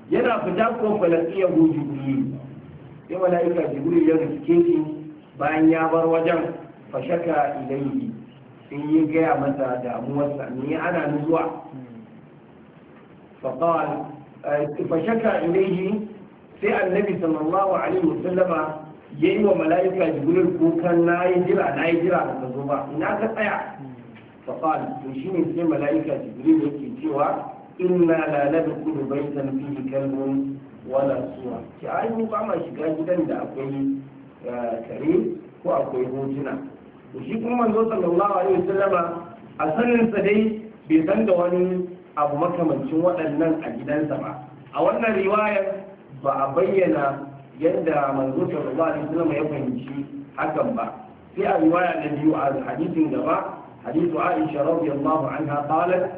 yana fita ko falasiya go jibril sai mala'ika jibril ya rike shi bayan ya bar wajen fashaka ilayhi sai ya gaya mata damuwarsa me ya ana ni zuwa فقال فشكى eh, sai annabi sallallahu alaihi wasallama yi wa malaika jibril kukan na yi jira na yi jira da zo ba ina ka tsaya fa to shi ne sai malaika jibril yake cewa inna la nadkhulu baytan fihi kalbun wala suwa ki ai ba ma shiga gidan da akwai eh, kare ko akwai hotuna shi kuma manzo sallallahu alaihi wasallama a sanin sa dai bai san da wani abu makamancin waɗannan a gidansa ba a wannan riwayar ba a bayyana yadda manzo sallallahu alaihi wasallama ya fahimci hakan ba sai a riwaya na biyu a hadisin gaba حديث aisha radiyallahu anha qalat قالت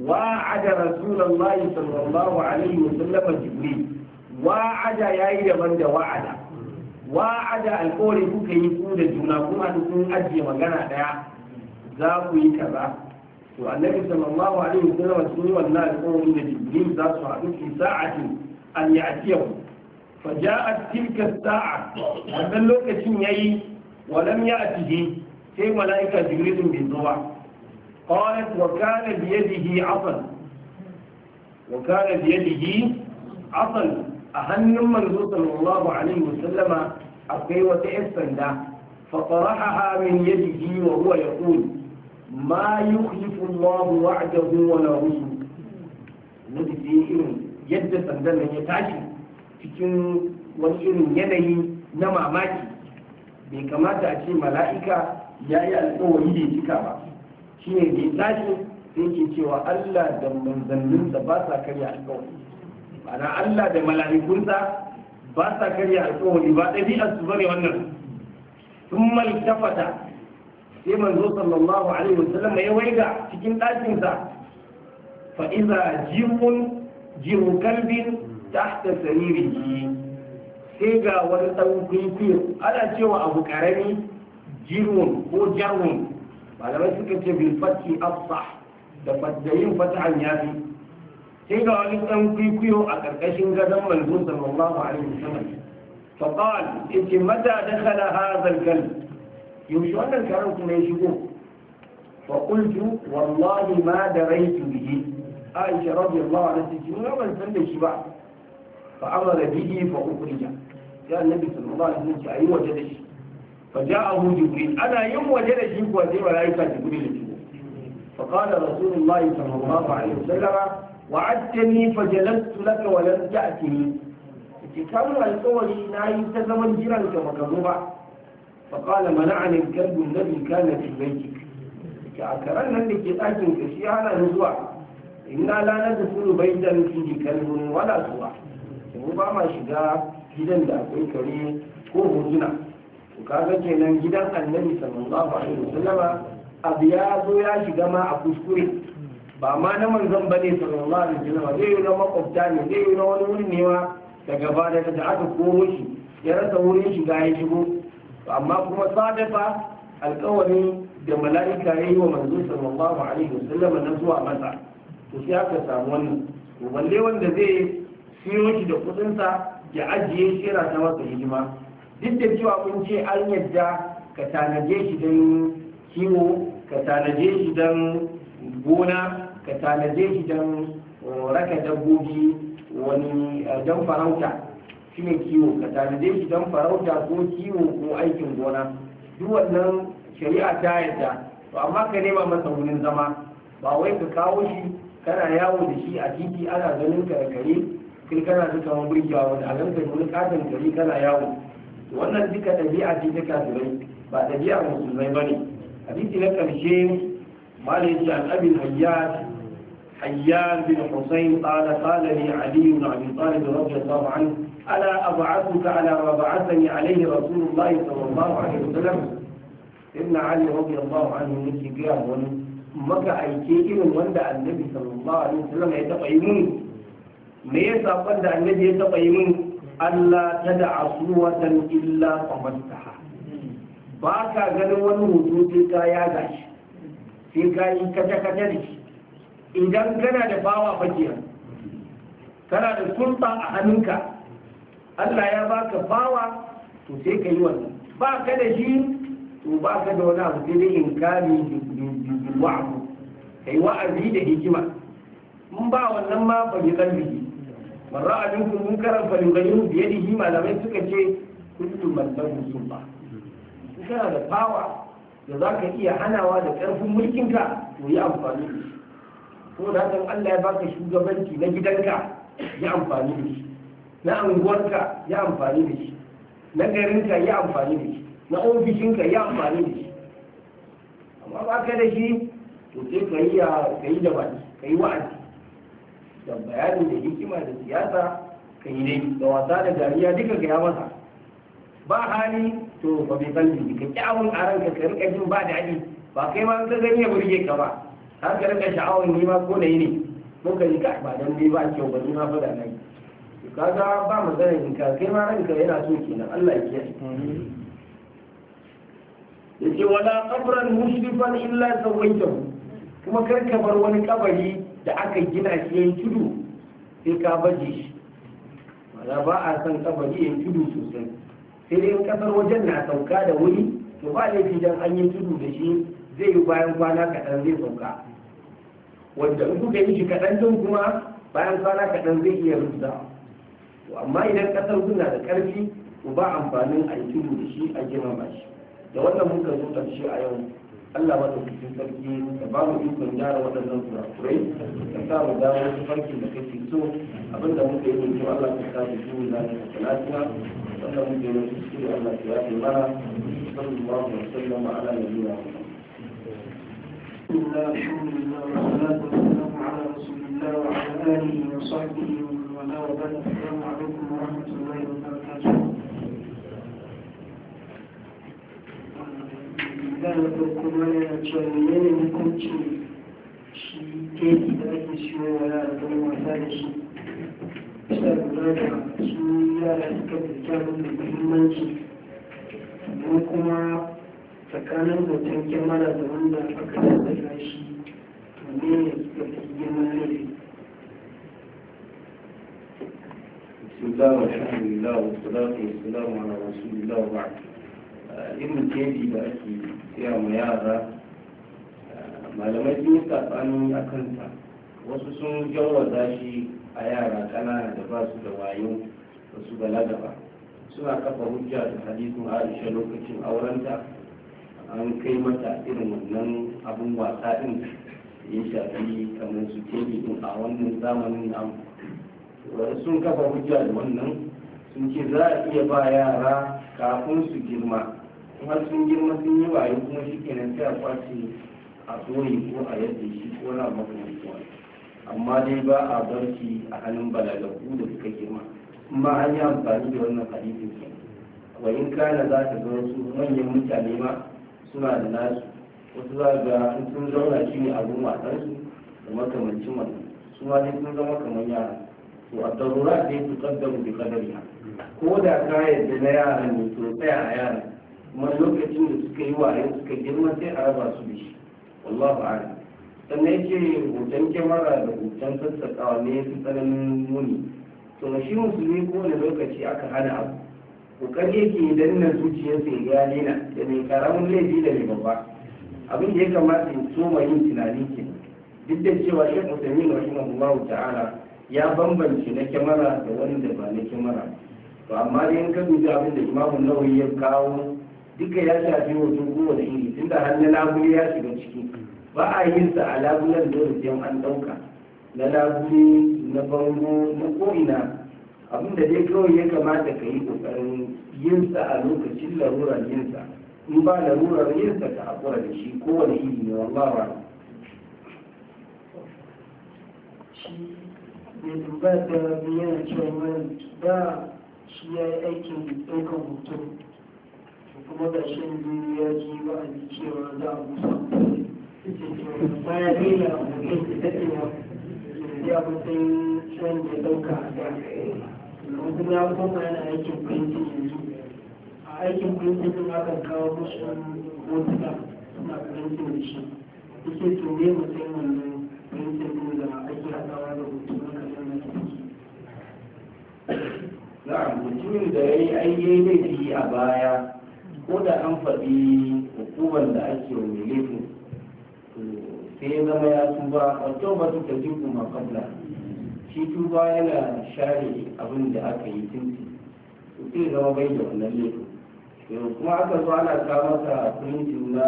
وعد رسول الله صلى الله عليه وسلم جبريل وعد يا إلى من وعد wa'ada alƙawari kuka yi ku da juna kuma kun ajiye magana daya za ku yi kaza to annabi sallallahu alaihi wasallam sun yi wannan alƙawari da jibril za su haɗu fi sa'atin an ya'tiyahu fa ja'at tilka sa'a wannan lokacin yayi wa lam ya'tihi sai mala'ika jibril bin zuwa qalat wa kana bi yadihi afan wa kana bi yadihi afan a hannun manzo sallallahu alaihi wasallama akwai wata yan sanda فطرحها من wa وهو ya ما يخلف الله وعده ولا رسله nabi irin yadda sandan na ya tashi cikin wani irin yanayi na mamaki bai kamata a ce mala'ika ya yi alkawari da cika ba shi ne da ya tashi sai ke cewa Allah da manzanninsa ba sa karya alkawari na Allah da mala'ikunsa ba sa karya alkawari ba ɗabi'ar su ne wannan sun maltafata sai manzo sallallahu alaihi wasallam ya waiga cikin ɗakinsa fa iza jimun jimu kalbin tahta sai ga wani ɗan kwaikwayo ana cewa abu ƙarami jirun ko jarun malamai suka ce bilfatti Abba da yin fata'an yafi sai ga wani ɗan kwikwiyo a ƙarƙashin gadon manzo sallallahu alaihi wasallam fa qal yace mata dakhala hadha al-kalb yaushe wannan karan kuma ya shigo fa qultu wallahi ma daraitu bihi aisha radiyallahu anha tace mun ban san da shi ba fa amara bihi fa ukhrija ya annabi sallallahu alaihi wasallam ce ayi waje da shi fa ja'ahu jibril ana yin waje da shi kuwa sai malaika jibril ya shigo fa qala rasulullahi sallallahu alaihi wasallam wa'adtani fajalastu laka wa lam ta'tini ki kamun alƙawari na yi ta zaman jiran ka maka zo ba fa qala mana'ani kalbu alladhi kana fi baytik ki akaran nan da ke ɗakin ka shi hana ni zuwa inna la nadkhulu baytan fihi kalbun wala suwa mu ba ma shiga gidan da akwai kare ko hotuna to kaga kenan gidan annabi sallallahu alaihi wasallama abu zo ya shiga ma a kuskure ba ma na manzon ba ne sallallahu alaihi zai yi na makwabta ne zai yi na wani wuri ne gaba daga bada da aka koro shi ya rasa wurin shiga ya shigo amma kuma sadafa alkawarin da mala'ika ya yi wa manzo ba alaihi wasallam na zuwa masa to sai aka samu wannan to balle wanda zai siyo shi da kuɗinsa ya ajiye shi yana ta masa hijima duk da cewa kun ce an yadda ka tanaje shi don kiwo ka tanaje shi don gona ka tanaje shi don uh, raka dabbobi wani uh, don farauta shi ne kiwo ka tanaje shi don farauta ko kiwo ko aikin gona duk wannan shari'a ta yarda to amma ka nema masa wurin zama ba wai ka kawo shi kana yawo da shi a titi ana ganin ka da kare kai kana duka wani burgewa wani a ganka da wani katon kare kana yawo wannan duka ɗabi'a ce ta kafirai ba ɗabi'a musulmai ba ne a titi na ƙarshe malai ce an abin hayyar حيان بن حسين قال قال لي علي بن أبي طالب رضي الله عنه ألا أبعثك على ما بعثني عليه رسول الله صلى الله عليه وسلم ابن علي رضي الله عنه يجي قيام maka aike irin wanda annabi sallallahu alaihi wasallam ya taba yi mun me ya sakon da annabi ya taba mun Allah ta da asuwatan illa qamattaha ba ka ganin wani hoto sai sai ka yi idan kana da bawa fakiya kana da sulta a hannunka Allah ya baka bawa to sai ka yi wannan ba ka da shi to ba ka da wani abu sai dai in kami wa'abu kai wa'azi da hikima mun ba wannan ma ba yi kalbi man ra'a minkum munkaran falyughayyiru bi yadihi malamai suka ce kuntum man lahu sulta kana da bawa da zaka iya hanawa da karfin mulkinka to yi amfani da shi ko da haka Allah ya baka shugabanci na gidanka ya amfani da shi na unguwarka ya amfani da shi na garinka ya amfani da shi na ofishinka ya amfani da shi amma ba ka da shi to sai ka yi ka yi da baki ka yi wa'azi da bayani da hikima da siyasa ka yi dai da wasa da jariya duka ga ya masa ba hali to ba bai san ka abun a ranka ka rika jin ba daɗi ba kai ma ka gani ya burge ka ba har ka sha'awar nima ko na yi ne muka yi ka ba dai ba kyau ba nima fa da nan kaga ba magana in ka kai ma ranka yana so kenan Allah ya kiyaye yace wala qabran mushrifan illa sawaitahu kuma kar ka bar wani kabari da aka gina shi yayin tudu sai ka baje shi wala ba a san kabari yayin tudu sosai sai dai kasar wajen na sauka da wuri to ba laifi dan an yi tudu da shi zai yi bayan kwana kaɗan zai sauka wanda in kuka yi shi kaɗan din kuma bayan kwana kaɗan zai iya rufda to amma idan ƙasar kuna da ƙarfi ku ba amfanin a yi da shi a girmama shi da wannan muka zo ƙarshe a yau Allah ba ta cikin sarki da ba mu ikon gyara waɗannan kurakurai da sa mu dawo wasu farkin da kake so abinda muka yi mutum Allah ta sa da su da ta lafiya wanda muka yi mutum Allah ta yafe mana sallallahu alaihi wa sallam ala nabiyina بسم الله الحمد لله والصلاة والسلام على رسول الله وعلى آله وصحبه ومن والاه وبعد السلام عليكم ورحمة الله وبركاته. Zan kuma yana cewa menene hukuncin shi keji da ake siyo wa yara don wasa da shi. Bisa lura da su yara suka fi kyawun da muhimmanci. Sannan kuma tsakanin hoton kyamara da wanda aka tsaka shi to ne ya fi girman laifi بسم الله والحمد لله والصلاة والسلام على رسول الله وبعد ibn keji da ake siya ma yara uh, malamai sun yi tsakanin a kanta wasu sun jawaza shi a yara kanana da ba su da wayo ba su balaga ba suna kafa hujja da hadisin aisha lokacin aurenta an kai mata irin wannan abin wasa din ya shafi kamar su tebi din a wannan zamanin namu sun kafa hujja da wannan sun ce za a iya ba yara kafin su girma kuma sun girma sun yi wayo kuma shi kenan sai a kwace a tsoye ko a yadda shi ko na makamancin amma dai ba a bar shi a hannun balagaku da suka girma ma an yi amfani da wannan hadisin wa in kana za ta ga wasu manyan mutane ma suna da nasu wasu za ga sun zauna shi ne abin matansu da makamancin wannan su ma dai sun zama kamar yara to a darura dai su kaddamu bi kadariya ko da ka yadda na yara ne to tsaya a yara kuma lokacin da suka yi wa suka girma sai a raba su da shi wallahu a'lam sannan na ce hoton kyamara da hoton sassaƙawa ne su tsananin muni to shi musulmi kowane lokaci aka hana abu kokar yake danna zuciyarsa ya ga na da mai karamin laifi da mai babba abin da ya kamata in soma yin tunani ke duk da cewa na wasu rahimahullahu ta'ala ya bambance na kyamara da wanda ba na kyamara to amma da in ka dubi abin da imamu nawayi ya kawo duka ya shafi hoto kowane iri tunda har na labule ya shiga ciki ba a yin sa a labulen da sai an ɗauka na labule na bango na ko'ina abin da dai kawai ya kamata ka yi ƙoƙarin yinsa a lokacin larurar yinsa in ba larurar yinsa ka haƙura da shi kowane iri ne wallawa mai tambaya da yana cewa da shi ya yi aikin ɗaukar hoto kuma da shi yanzu ya ji ba a ji cewa za a musa baya daina hoton da daɗewa ya matsayin wanda ya ɗauka a da kuma ya koma yana aikin printing yanzu a aikin printing sun akan kawo musu hotuna suna printing da shi yake to ne wannan printing din da ake haɗawa da hotuna kasar na na'am mutumin da ya yi ayyai laifi a baya ko da an faɗi hukumar da ake wa mai laifin sai ya zama ya tuba a tauba ta kuma makabla shi tuba yana share abin da aka yi tunti to sai zama bai da wannan laifin yau kuma aka zo ana kawo masa tunti na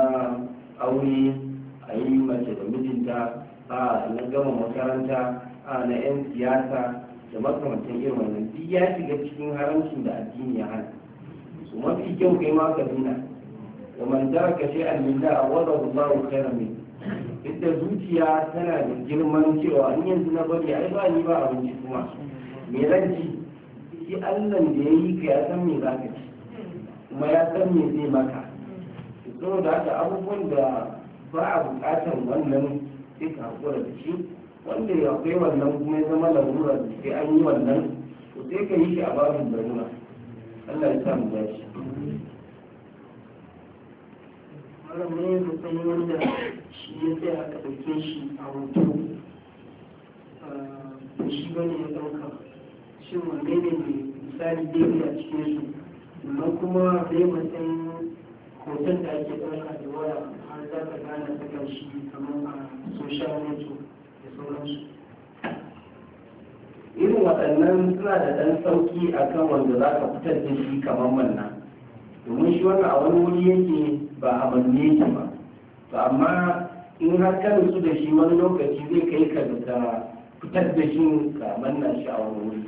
aure a yi mace da mijinta a na gama makaranta a na 'yan siyasa da makamantan irin wannan duk ya shiga cikin haramcin da addini ya hana su mafi kyau kai ma ka nuna wa man taraka shay'an min da'a wa lahu khairan min duk zuciya tana da girman cewa an yanzu na bari ai ba ni ba abinci kuma me zan ci shi allan da ya yi ka ya san me za ka ci kuma ya san me zai maka da haka abubuwan da ba a bukatar wannan sai ka hakura da shi wanda ya kai wannan kuma ya zama larura da sai an yi wannan to sai ka yi shi a babin larura allah ya sa mu dace wanne matsayin wanda shi ya sai aka ɗauke shi a hoto da ah, shi ne ya ɗauka shi wanne ne mai misali daidai a cikin su amma kuma zai matsayin hoton da ake ɗauka da waya har za ka gana shi kamar a social network da sauransu irin waɗannan suna da ɗan sauƙi akan wanda za ka fitar da shi kamar manna domin shi wannan a wani wuri yake ba a manne yake ba to amma in har ka nutsu da shi wani lokaci zai kai ka da fitar da shi ka manna shi a wani wuri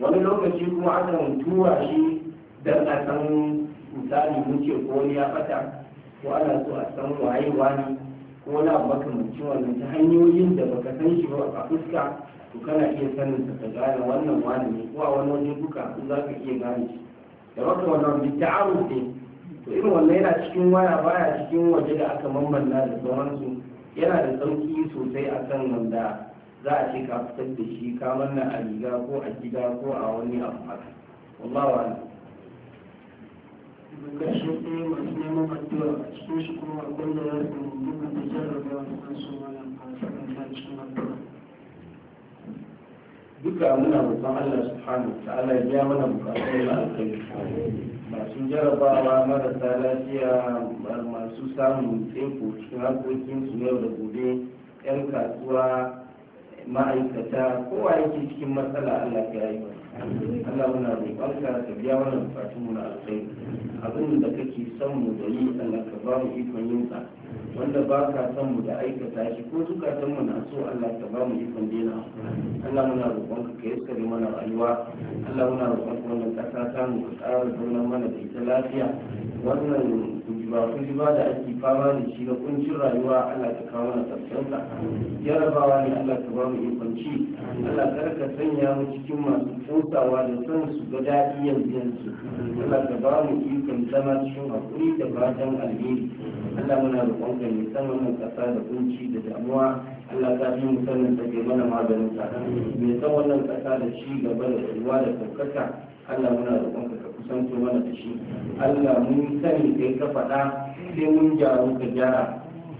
wani lokaci kuma aka tura shi dan a san misali mun ce ko wani ya fata ko ana so a san waye wani ko wani abu makamancin wannan ta hanyoyin da baka san shi ba a fuska to kana iya sanin ka gane wannan wani ne ko a wani waje kuka za ka iya gane shi da wata wannan bitta'aru ne to irin wannan yana cikin waya baya cikin waje da aka mammanna da sauransu yana da sauki sosai akan wanda za a ce ka fitar da shi ka manna a riga ko a gida ko a wani abu haka wallahu a'lam kashi ɗaya masu neman addu'a a cikin shi kuma akwai da ya fi dukkan da jarrabawa da kansu wani a cikin addu'a duka muna roƙon Allah subhanahu wa ta'ala ya biya mana bukatun na alkhairi masu jarabawa marasa lafiya masu samun teku cikin harkokin su yau da gobe yan kasuwa ma'aikata kowa yake cikin matsala Allah ya yi Allah muna roƙon ka ka biya mana bukatun mu alkhairi abin da kake son mu da yi Allah ka ba mu ikon yin sa wanda ba ka san mu da aikata shi ko san mu na so Allah ka ba mu ikon dena Allah muna roƙon ka kai tsare mana rayuwa Allah muna roƙon ka wannan ƙasa ta mu ka ƙara zauna mana da ita lafiya wannan kujiba kujiba da ake fama da shi na kuncin rayuwa Allah ka kawo mana ƙarshen ka jarabawa ne Allah ka ba mu ikon ci Allah ka raka sanya mu cikin masu tsotsawa da san su ga daɗi yanzu yanzu Allah ka ba mu ikon zama cikin hakuri da fatan alheri Allah muna roƙon da sama nan kasa da kunci da damuwa Allah ta fi musamman take ke mana maganin sa mai san wannan kasa da ci gaba da tsayuwa da saukaka Allah muna roƙon ka kusanto mana da shi Allah mun sani kai ka faɗa sai mun gyaru ka gyara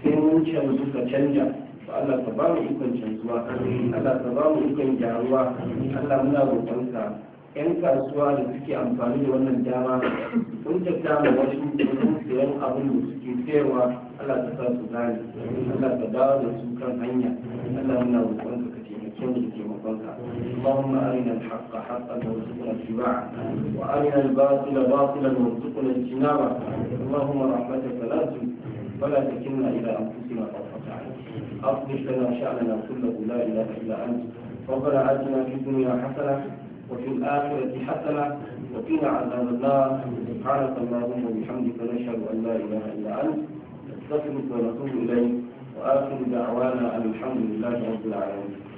sai mun canzu ka canja Allah ka ba mu ikon canzuwa Allah ka ba mu ikon gyaruwa Allah muna roƙonka 'yan kasuwa da suke amfani da wannan dama sun tafiya da wasu musulman abin da suke cewa Allah ta sa su gane Allah ta dawo da su kan hanya Allah muna roƙon ka kace mu kyan da ke mafanka Allahumma arina al-haqqa haqqan wa zidna tibaa wa arina al-batila batilan wa zidna tinaba Allahumma rahmataka la tu fala takinna ila anfusina tawfata afdish lana sha'nana kullahu la ilaha illa anta ربنا اتنا في الدنيا حسنه وفي الاخره حسنه وقنا عذاب النار سبحانك اللهم وبحمدك نشهد أن لا إله إلا أنت نستغفرك ونتوب إليك وآخر دعوانا أن الحمد لله رب العالمين